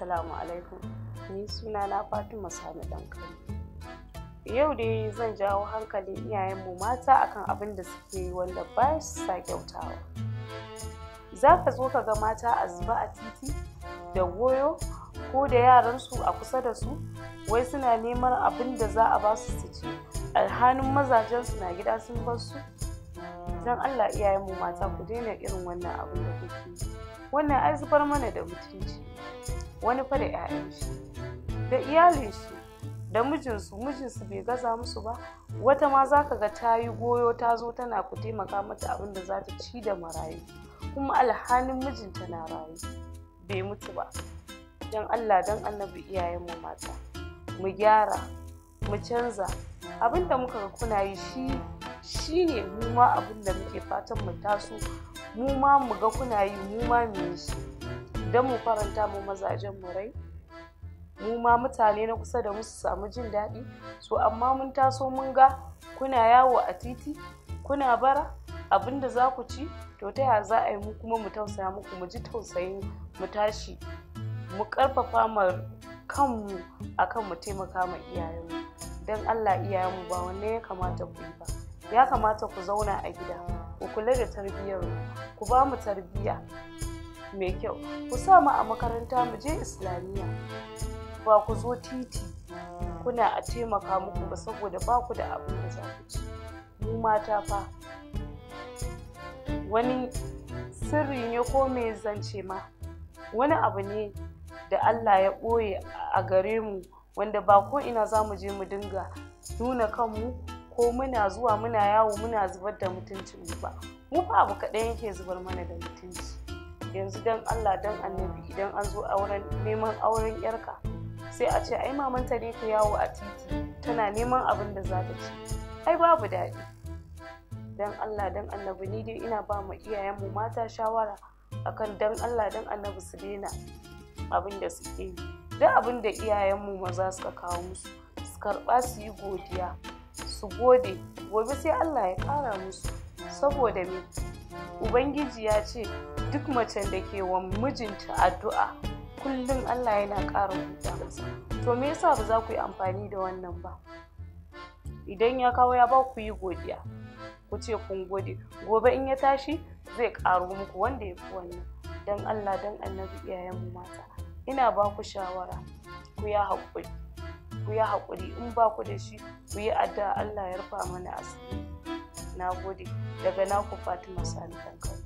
Assalamu alaikum. Ni suna na Fatima Sani Dankali. Yau da dai zan jawo hankalin iyayenmu mata akan abin da suke yi wanda ba su sa kyautawa. Za ka zo ka ga mata a zuba a titi da goyo ko da yaransu a kusa da su wai suna neman abin da za a ba su su ci alhanin mazajensu na gida sun bar su don Allah iyayenmu mata ku daina irin wannan abin da kuke wannan ai zubar mana da mutunci wani fa da 'ya'yan shi da iyalin shi da mijinsu mijinsu bai gaza musu ba wata ma za ka ga ta yi goyo ta zo tana ku taimaka mata abin da za ta ci da marayu kuma alhanin mijinta na rayu bai mutu ba don allah don annabi iyayen mu mata mu gyara mu canza abin da muka ga kuna yi shi shi ne mu ma abin da muke fatan mu taso mu ma mu ga kuna yi mu ma mu yi shi don mu faranta mu mazajen mu rai mu ma mutane na kusa da mu su samu jin daɗi so amma mun taso mun ga kuna yawo a titi kuna bara abin da za ku ci to ta ya za a yi mu kuma mu tausaya muku mu ji tausayin mu tashi mu karfafa ma kanmu akan mu taimaka ma iyayenmu don allah iyayenmu ba wanne ya kamata ku yi ba ya kamata ku zauna a gida ku kula da tarbiyyar ku ba mu tarbiyya mai kyau ku sa mu a makaranta mu je islamiyya ba ku zo titi kuna a taimaka muku ba saboda ba ku da abin da za ku ci mu mata fa wani sirri ne ko me zance ma wani abu ne da Allah ya ɓoye a gare mu wanda ba ko ina za mu je mu dinga nuna kanmu ko muna zuwa muna yawo muna zubar da mutuncin mu ba mu fa abu kaɗan yake zubar mana da mutunci yanzu don Allah don annabi idan an zo auren neman auren yarka sai a ce ai mamanta ne ta yawo a titi tana neman abin da za ta ci ai babu daɗi don Allah don annabi ni dai ina ba mu iyayenmu mata shawara akan don Allah don annabi su daina abin da suke yi duk abin da iyayenmu maza suka kawo musu su karɓa su yi godiya su gode gobe sai Allah ya ƙara musu saboda me ubangiji ya ce duk macen da ke wa mijinta addu'a kullum Allah yana ƙara buɗa masa to me yasa ba za ku yi amfani da wannan ba idan ya kawo ya ba ku yi godiya ku ce kun gode gobe in ya tashi zai ƙaro muku wanda ya fi wannan don Allah don annabi iyayenmu mata ina ba ku shawara ku ya haƙuri ku ya haƙuri in ba ku da shi ku yi addu'a Allah ya rufa mana asiri na gode daga naku Fatima Sani